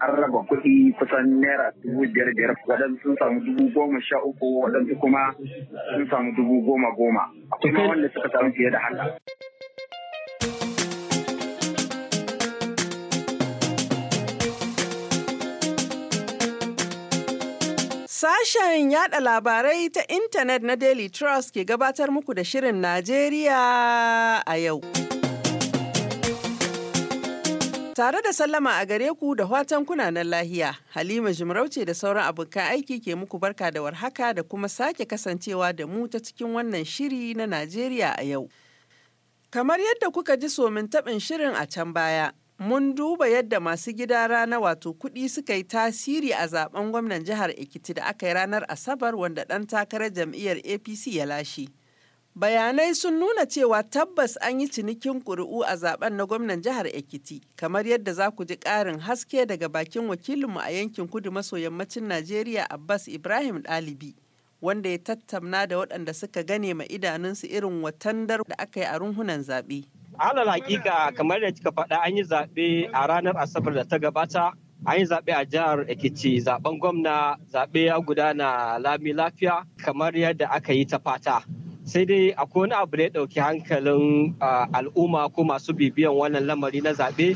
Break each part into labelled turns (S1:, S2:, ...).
S1: an raba kuɗi kusan naira dubu biyar biyar waɗansu sun samu dubu goma sha uku waɗansu kuma sun samu dubu goma goma akwai ma wanda suka samu fiye da haka.
S2: Sashen yada labarai ta intanet na Daily Trust ke gabatar muku da Shirin Najeriya a yau. Tare da sallama a gare ku da watan kunanan lahiya, Halima Jimarauce da sauran abokan aiki ke muku barka da warhaka da kuma sake kasancewa da mu ta cikin wannan shiri na Najeriya a yau. Kamar yadda kuka ji somin taɓin shirin a can baya, mun duba yadda masu gida rana wato kuɗi suka yi tasiri a zaben gwamnan jihar Ekiti da aka yi ranar Asabar wanda ɗan takarar jam'iyyar APC ya lashe. Bayanai sun nuna cewa tabbas an yi cinikin ƙuri'u a zaben na gwamnan jihar Ekiti, kamar yadda za ku ji ƙarin haske daga bakin wakilinmu a yankin kudu maso yammacin Najeriya Abbas Ibrahim Ɗalibi, wanda ya tattauna da waɗanda suka gane ma idanunsu irin watandar da aka yi a runhunan zaɓe.
S3: Alal hakika kamar da kika faɗa an yi zaɓe a ranar Asabar da ta gabata an yi zaɓe a jihar Ekiti zaɓen gwamna zaɓe ya gudana lami lafiya kamar yadda aka yi ta fata. sai dai akwai wani abu da ya ɗauki hankalin ah, al'umma ko masu bibiyan wannan lamari na zaɓe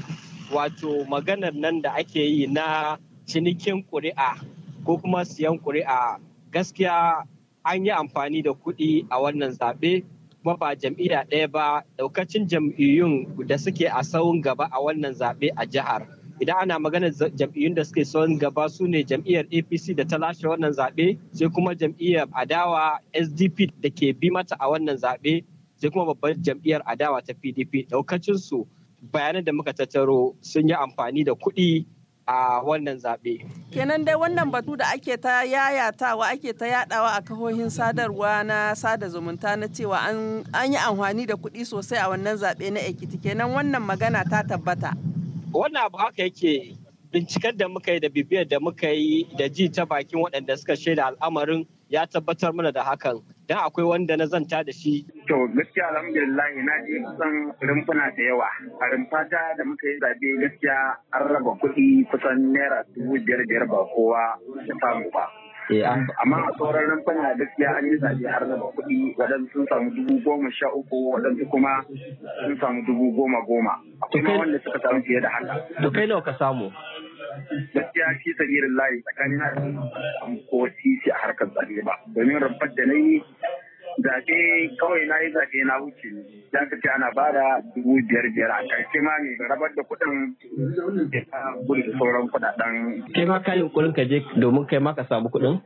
S3: wato maganar nan da ake yi na cinikin ƙuri'a ko kuma siyan ƙuri'a gaskiya an yi amfani da kuɗi a wannan zaɓe kuma ba jam'iyya ɗaya ba ɗaukacin jam'iyyun da suke a sahun gaba a wannan zaɓe a jihar. idan ana magana jam'iyyun da suke son gaba su ne jam'iyyar apc da ta lashe wannan zaɓe sai kuma jam'iyyar adawa sdp da ke bi mata a wannan zaɓe sai kuma babbar jam'iyyar adawa ta pdp ɗaukacinsu bayanan da muka tattaro sun yi amfani da kuɗi a wannan zaɓe.
S2: kenan dai wannan batu da ake ta yayatawa ake ta yadawa a kahohin sadarwa na sada zumunta na cewa an yi amfani da kuɗi sosai a wannan zaɓe na ekiti kenan wannan magana ta tabbata.
S3: wannan abu haka yake binciken da muka yi da bibiyar da muka yi da ji ta bakin waɗanda suka shaida al'amarin ya tabbatar mana da hakan dan akwai wanda na zanta da shi.
S1: To gaskiya alhamdulillah na ji kusan rumfuna da yawa. A rumfata da muka yi zabe gaskiya an raba kuɗi kusan naira dubu biyar biyar ba kowa ya samu ba.
S4: Eh, amma
S1: a sauran rumfuna gaskiya an yi zaɓe har zaba kuɗi waɗanda sun samu dubu goma sha uku waɗanda kuma sun samu dubu goma goma akwai wanda suka samu fiye da haka to
S3: kai nawa ka samu
S1: gaskiya shi sabirin layi tsakanin ko sisi a harkar zaɓe ba domin rumfar da na yi eh kawai na yi zaɓe na wuce ya kace ana ba da dubu biyar biyar a ƙarshe ma ne rabar da kuɗin da gudu sauran kuɗaɗen.
S3: kai ma ka yi kuɗin ka je domin kai ma ka samu kuɗin.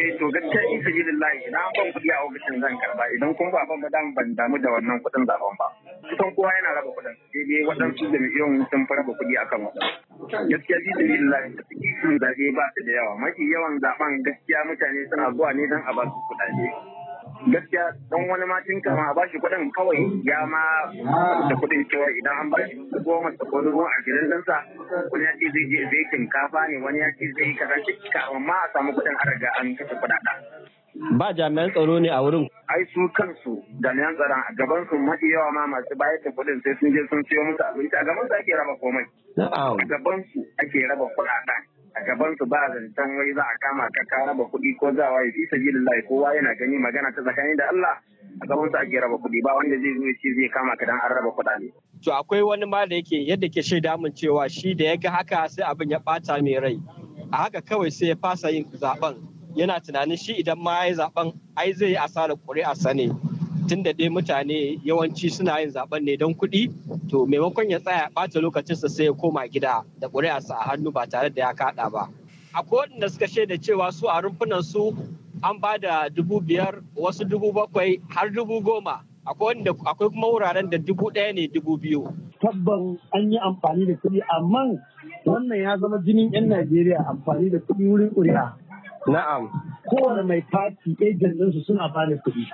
S1: eh to gaskiya in sabi da layi an ban kuɗi a ofishin zan karba idan kuma ba ban ba dan ban damu da wannan kuɗin zaben ba kusan kowa yana raba kuɗin sai dai waɗansu da miliyon sun fara ba kuɗi akan waɗansu gaskiya bi da lillahi da suke zaɓe ba su da yawa mafi yawan zaɓen gaskiya mutane suna zuwa ne don a ba su kuɗaɗe gaskiya don wani matin kama a bashi kuɗin kawai ya ma da kuɗin cewa idan an bashi goma ta ko a gidan dansa, wani ya ce zai je zai shinkafa ne wani ya ce zai kaza cika amma a samu kuɗin a riga an kashe kuɗaɗa.
S3: Ba jami'an tsaro ne a wurin.
S1: Ai su kansu jami'an tsaron a gaban su mafi yawa ma masu bayar da kuɗin sai sun je sun siyo musu abinci a gaban su ake raba komai. A gaban su ake raba kuɗaɗen. a gaban su ba zancen wai za a kama ka ka raba kuɗi ko za waye fi sabilillahi kowa yana gani magana ta tsakanin da Allah a gaban su ake raba kuɗi ba wanda zai zo shi zai kama ka dan an raba kuɗaɗe.
S3: To akwai wani ma da yake yadda ke shaida mun cewa shi da ya ga haka sai abin ya ɓata mai rai a haka kawai sai ya fasa yin zaɓen, yana tunanin shi idan ma ya yi zaben ai zai yi asarar ƙuri'a sane tun da dai mutane yawanci suna yin zaben ne don kuɗi to maimakon ya tsaya ɓata lokacinsa sai ya koma gida da ƙuri'arsa a hannu ba tare da ya kaɗa ba akwai waɗanda suka shaida cewa su a rumfunan su an ba da dubu biyar wasu dubu bakwai har dubu goma akwai kuma wuraren da dubu ɗaya ne dubu biyu
S4: tabban an yi amfani da kuɗi amma wannan ya zama jinin 'yan najeriya amfani da kuɗi wurin ƙuri'a na'am kowane mai fati ejen suna ba da kuɗi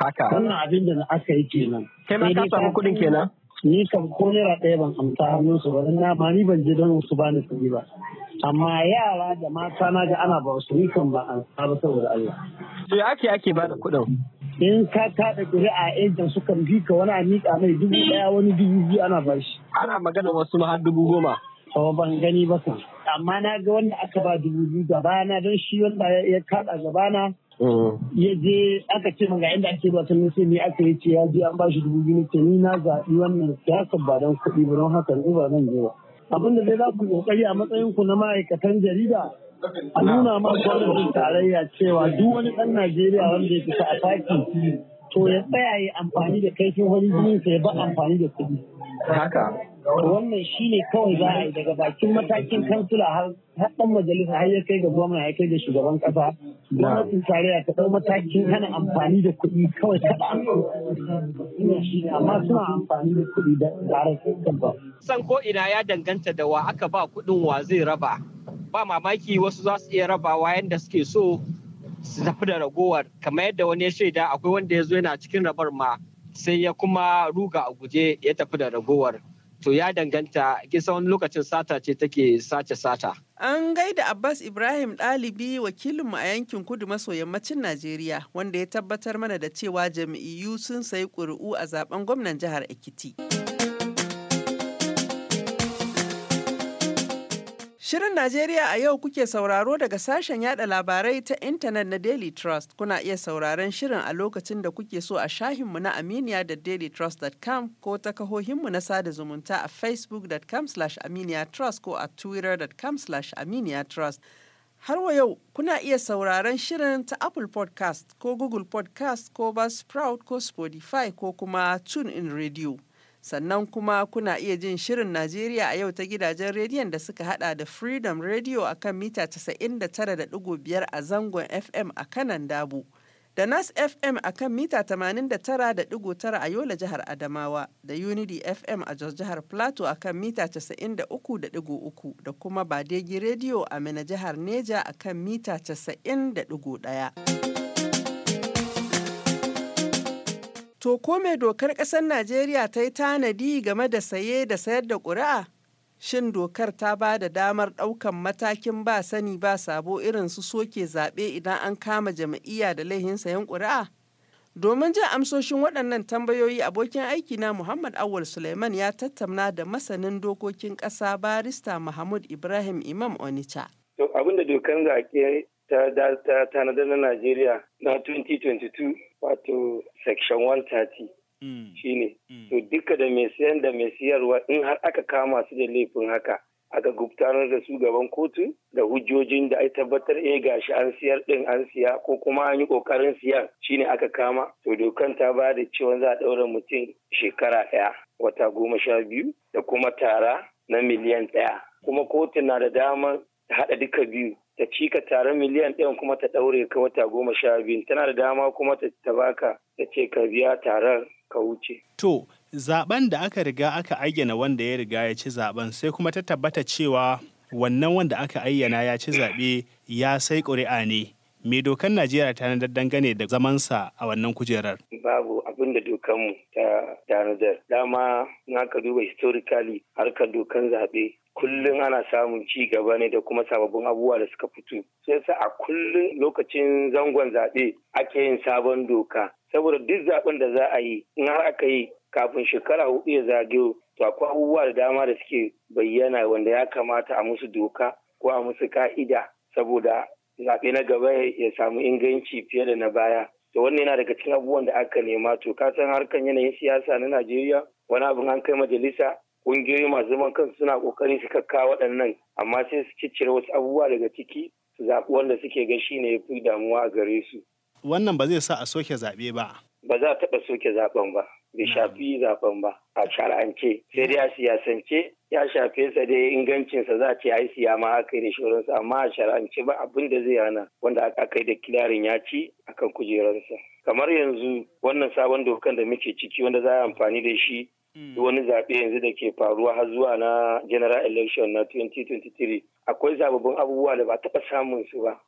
S4: Haka. Wannan abin da aka yi kenan. Kai ma ka samu kuɗin kenan? Ni kam ko naira ɗaya ban amsa hannun su ba na ma ni ban je don su ba ni kuɗi ba. Amma yara da mata na ga ana ba su ni kan ba an ba saboda Allah.
S3: To ya ake ake ba da kuɗin?
S4: in ka kada a ejan sukan bi ka wani a miƙa mai dubu ɗaya wani dubu biyu ana ba shi.
S3: Ana magana wasu ma har dubu goma.
S4: Kawo ban gani ba kan. Amma na ga wanda aka ba dubu biyu gabana don shi wanda ya kaɗa gabana Mm. ya je aka ce ga inda ake ba kallon sai ne aka yi ce ya je an ba shi dubu biyu ke ni na zaɓi wannan siyasa ba don kuɗi ba don haka ni ba zan je ba abin da zai za ku kokari a matsayin ku na ma'aikatan jarida
S1: a nuna ma gwamnatin tarayya
S4: cewa duk wani ɗan Najeriya wanda ya fita a taki to ya tsaya ya amfani da kaifin wani jinin ya ba amfani da kuɗi. Haka. wannan shi ne kawai za a yi daga bakin matakin kansula har haɗin majalisa har ya kai ga gwamna ya kai ga shugaban ƙasa gwamnatin tarayya ta ɗau matakin hana amfani da kuɗi kawai ta amma suna amfani da
S1: kuɗi da tsarin kan ba.
S3: san ko ina ya danganta da wa aka ba kuɗin wa zai raba ba mamaki wasu za su iya wa yanda suke so su tafi da ragowar kamar yadda wani ya shaida akwai wanda ya zo yana cikin rabar ma sai ya kuma ruga a guje ya tafi da ragowar to ya danganta kisa wani lokacin sata ce take sace sata.
S2: An gaida Abbas Ibrahim ɗalibi wakilinmu a yankin kudu maso yammacin Najeriya wanda ya tabbatar mana da cewa jam'iyyu sun sayi ƙuri'u a zaben gwamnan jihar Ekiti. Shirin Najeriya a yau kuke sauraro daga sashen yada labarai ta intanet na Daily Trust. Kuna iya sauraron shirin a lokacin da kuke so a shahinmu na Aminiya da dailytrust.com ko ta kahohinmu na sada zumunta a facebookcom aminiyatrust ko a twittercom aminiyatrust. Har wa yau kuna iya sauraron shirin ta Apple podcast ko Google podcast ko Buzzsprout ko Spotify ko kuma TuneIn Radio. Sannan kuma kuna iya jin shirin Najeriya a yau ta gidajen rediyon da suka hada da Freedom Radio a kan mita 99.5 a zangon FM a kanan Dabu. da nas fm a kan mita 89.9 a yola jihar adamawa da unity fm a jos jihar plateau a kan mita 93.3 da kuma badegi radio a mina jihar neja a kan mita 91 To ko mai dokar ƙasar Najeriya ta yi tanadi game da saye da sayar da ƙuri'a? Shin dokar ta ba da damar ɗaukan matakin ba sani ba sabo irin su soke zaɓe idan an kama jam'iyya da laihin sayan ƙuri'a? Domin jin amsoshin waɗannan tambayoyi abokin aiki na Muhammad Awul Suleiman ya tattauna da masanin dokokin ƙasa barista Mahmud Ibrahim Imam onicha
S5: Abin da dokar zaɓe ta tanadar na Najeriya na 2022 wato section 130 mm. shine mm. to duka da mai siyan da mai siyarwa in har aka kama su da laifin haka aka gubtanar da su gaban kotu da hujjojin da ai tabbatar eh gashi an siyar din an siya ko kuma an yi kokarin siya shine aka kama to dokan ta ba da cewa za a daura mutum shekara ɗaya wata goma sha biyu da kuma tara na miliyan ɗaya kuma kotu na da damar haɗa duka biyu ta cika taron miliyan ɗayan kuma ta ɗaure ka wata goma sha biyu tana da dama kuma ta baka ta ce ka biya taron ka wuce.
S6: To zaben da aka riga aka ayyana wanda ya riga ya ci zaben sai kuma ta tabbata cewa wannan wanda aka ayyana ya ci zaɓe ya sai ƙuri'a ne. Me dokan Najeriya ta dangane da zamansa a wannan kujerar?
S5: Babu da dokanmu ta tanadar dama in aka duba historically harkar dokan zaɓe kullum ana samun ci gaba ne da kuma sababbin abubuwa da suka fito sai sa a kullum lokacin zangon zaɓe ake yin sabon doka saboda duk zaɓen da za a yi in har aka yi kafin shekara hudu ya zagayo to akwai abubuwa da dama da suke bayyana wanda ya kamata a musu doka ko a musu ka'ida saboda zaɓe na gaba ya samu inganci fiye da na baya to wannan yana daga cikin abubuwan da aka nema to ka san harkan yanayin siyasa na Najeriya wani abin an kai majalisa ƙungiyoyi masu zaman kansu suna ƙoƙarin su kakka waɗannan amma sai su ciccire wasu abubuwa daga ciki su zaɓi wanda suke ga shi ne ya fi damuwa a gare su.
S6: Wannan ba zai sa a soke zaɓe ba.
S5: Ba za a taɓa soke zaɓen ba. bai shafi zaben ba a shar'ance sai dai a siyasance ya shafe sa dai ingancinsa za a ce ai siya ma aka yi da shoransa amma a shar'ance ba abin da zai hana wanda aka kai da kilarin ya ci akan kujerarsa kamar yanzu wannan sabon dokan da muke ciki wanda za a amfani da shi hmm. wani zaɓe yanzu da ke faruwa har zuwa na general election na 2023 akwai sababbin abubuwa da ba taɓa samun su ba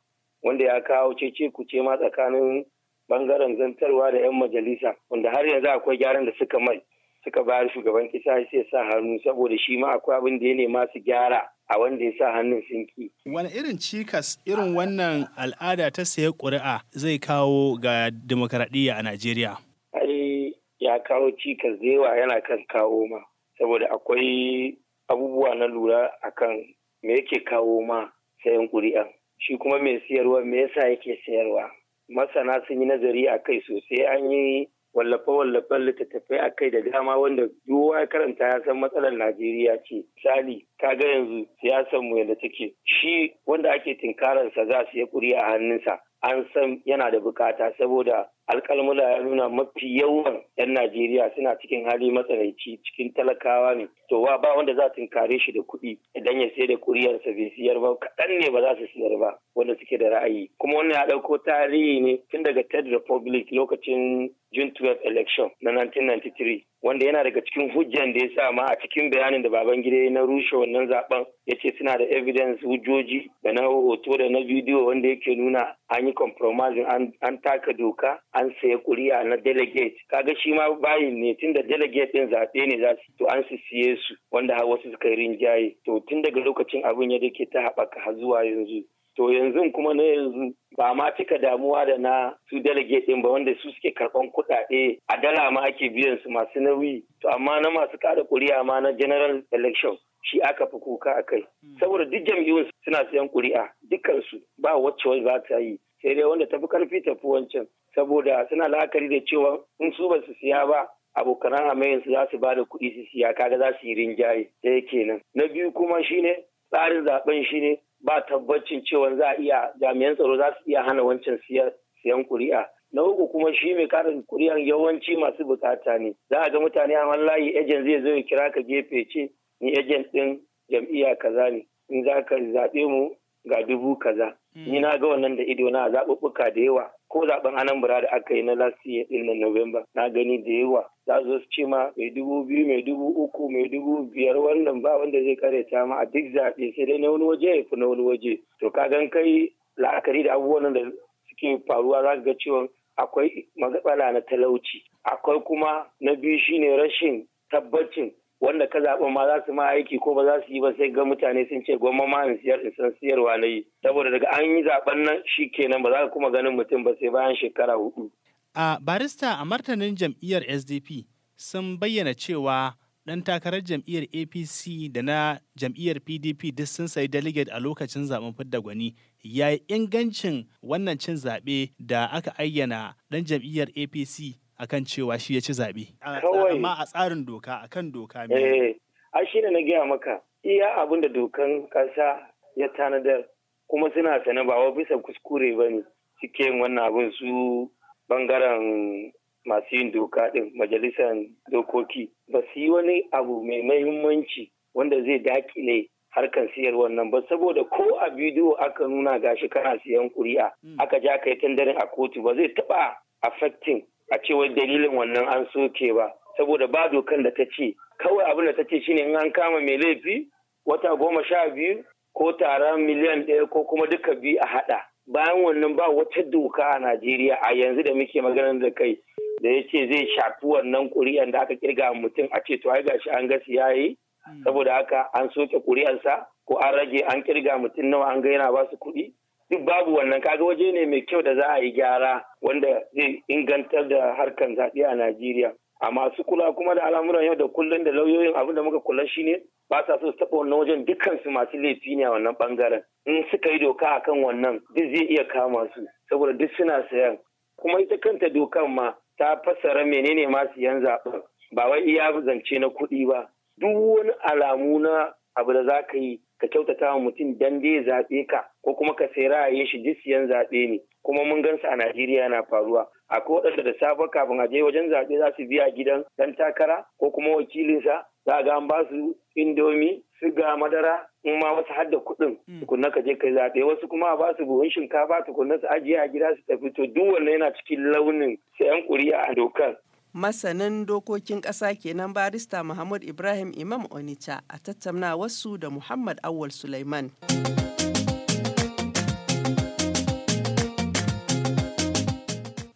S5: wanda ya kawo cece kuce ma tsakanin bangaren zantarwa da 'yan majalisa wanda har yanzu akwai gyaran da suka mai suka bayar shugaban kisa sai sa hannu saboda shi ma akwai abin da ya nema su gyara a wanda ya sa hannun sinki.
S6: ki. Wani irin cikas irin wannan al'ada ta saye ƙuri'a zai kawo ga demokaradiyya a Najeriya?
S5: Ai ya kawo cikas da yawa yana kan kawo ma saboda akwai abubuwa na lura akan me yake kawo ma sayan ƙuri'a shi kuma mai siyarwa me yasa yake sayarwa masana sun yi nazari a kai sosai an yi wallafe-wallafen littattafai a kai da dama wanda duwa ya karanta ya san matsalar Najeriya ce. Misali, ga yanzu siyasar mu yadda take. Shi wanda ake tinkararsa za su yi ƙuri a hannunsa. An san yana da bukata saboda alkalmula ya nuna mafi yawan 'yan Najeriya suna cikin hali matsanaici cikin talakawa ne. To wa ba wanda za tunkare shi da kuɗi idan ya sayar da sa bai siyar ba kaɗan ne ba za su siyar ba wanda suke da ra'ayi. Kuma wannan ya ɗauko tarihi ne tun daga Third Republic lokacin June 12 election na 1993 wanda yana daga cikin hujjan da ya sa ma a cikin bayanin da Babangida na rushe wannan zaben ya ce suna da evidence hujjoji da na hoto da na bidiyo wanda yake nuna an yi compromising an taka doka an an saya kuri'a na delegate kaga shi ma bayin ne tunda delegate ɗin zaɓe ne za su to an su siye su wanda har wasu suka yi rinjaye to tun daga lokacin abin ya dake ta haɓaka har zuwa yanzu to yanzu kuma na yanzu ba ma cika damuwa da na su delegate din ba wanda su suke karɓan kuɗaɗe a dala ma ake biyan su masu nauyi to amma na masu kada kuri'a ma na general election shi aka fi kuka a kai hmm. saboda duk jam'iyyun suna sayan kuri'a dukkansu ba wacce wani za ta yi sai dai wanda tafi karfi tafi wancan saboda suna la'akari da cewa in su ba su siya ba abokanan hamayen su za su ba da kuɗi su siya kaga za su yi rinjaye yake kenan na biyu kuma shine tsarin zaben shine ba tabbacin cewa za a iya jami'an tsaro za su iya hana wancan siyan kuri'a na uku kuma shi mai karin kuri'an yawanci masu bukata ne za a ga mutane a layi ejen zai zo ya kira ka gefe ce ni ejen din jam'iyya kaza ne in za ka zaɓe mu ga dubu kaza hmm. ni na ga wannan da ido na zaɓuɓɓuka da yawa ko zaɓen anambra da aka yi na last year ɗin na november na gani da yawa za su su ce ma mai dubu biyu mai dubu uku mai dubu biyar wannan ba wanda zai karyata ma a duk zaɓe sai dai na wani waje ya fi na wani waje to ka gan kai la'akari da abubuwan da suke faruwa za ga cewa akwai magabala na talauci akwai kuma na biyu shine rashin tabbacin wanda ka zaɓa ma za su ma aiki ko ba za su yi ba sai ga mutane sun ce gwamma ma in siyar in san siyarwa na yi saboda daga an yi zaɓen nan shi kenan ba za ka kuma ganin mutum ba sai bayan shekara hudu.
S6: a barista a martanin jam'iyyar sdp sun bayyana cewa ɗan takarar jam'iyyar apc da na jam'iyyar pdp duk sun sayi delegate a lokacin zaɓen fidda gwani yayi ingancin wannan cin zaɓe da aka ayyana ɗan jam'iyyar apc akan cewa shi ya ci zaɓe. Amma a tsarin doka akan doka ne. Eh,
S5: a shi ne na gaya maka iya abin da dokan ƙasa ya tanadar kuma suna sane ba wa bisa kuskure ba ne suke wannan abin su bangaren masu yin doka ɗin majalisar dokoki ba su yi wani abu mai mahimmanci wanda zai dakile harkan siyar wannan ba saboda ko a bidiyo aka nuna gashi kana siyan kuri'a mm. aka ja ka yi tandarin a kotu ba zai taɓa affecting a cewar dalilin wannan an soke ba saboda ba dokan da ta ce kawai abin da ta ce shine in an kama mai laifi wata goma sha biyu ko tara miliyan ɗaya ko kuma duka biyu a haɗa bayan wannan ba wata doka a najeriya a yanzu da muke maganar da kai da ya ce zai shafi wannan ƙuri'an da aka kirga mutum a ce to ai gashi an ga ya yi hmm. saboda haka an soke ƙuri'ansa ko an rage an kirga mutum nawa an ga yana ba su kuɗi duk babu wannan kaga waje ne mai kyau da za a yi gyara wanda zai ingantar da harkan zaɓe a Najeriya. A masu kula kuma da al'amuran yau da kullum da lauyoyin abin da muka kula shi ne ba sa so su taɓa wannan wajen dukkansu masu laifi ne a wannan ɓangaren. In suka yi doka a kan wannan duk zai iya kama su saboda duk suna sayan. Kuma ita kanta dokan ma ta fassara menene ma siyan zaɓen ba wai iya zance na kuɗi ba. Duk wani alamu na abu da za ka yi ka kyautata wa mutum dan dai zaɓe ka ko kuma ka sai ra'ayin shi duk siyan zaɓe ne kuma mun su a Najeriya yana faruwa akwai waɗanda da safe kafin a je wajen zaɓe za su biya gidan dan takara ko kuma wakilinsa za ga an ba su indomi siga madara in ma wasu hadda kuɗin mm. tukunna ka je kai zaɓe wasu kuma a su buhun shinkafa tukunna su ajiye a gida su tafi to duk wannan yana cikin launin sayan ƙuri'a a dokar
S2: masanin dokokin ƙasa kenan barista Muhammad Ibrahim Imam onicha a tattauna wasu da Muhammad Awal Sulaiman.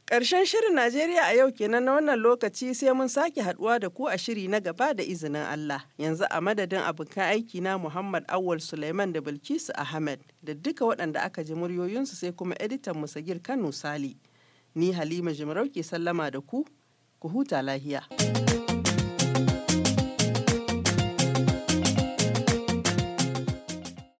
S2: Ƙarshen shirin Najeriya a yau kenan na wannan lokaci sai mun sake haduwa da ku a shiri na gaba da izinin Allah. Yanzu a madadin abokan aiki na Muhammad Awal Sulaiman da Bilkisu Ahmed da duka waɗanda aka ji muryoyinsu sai kuma editan Musagir Kano Sali. Ni Halima Jimarau ke sallama da ku, ku huta lahiya.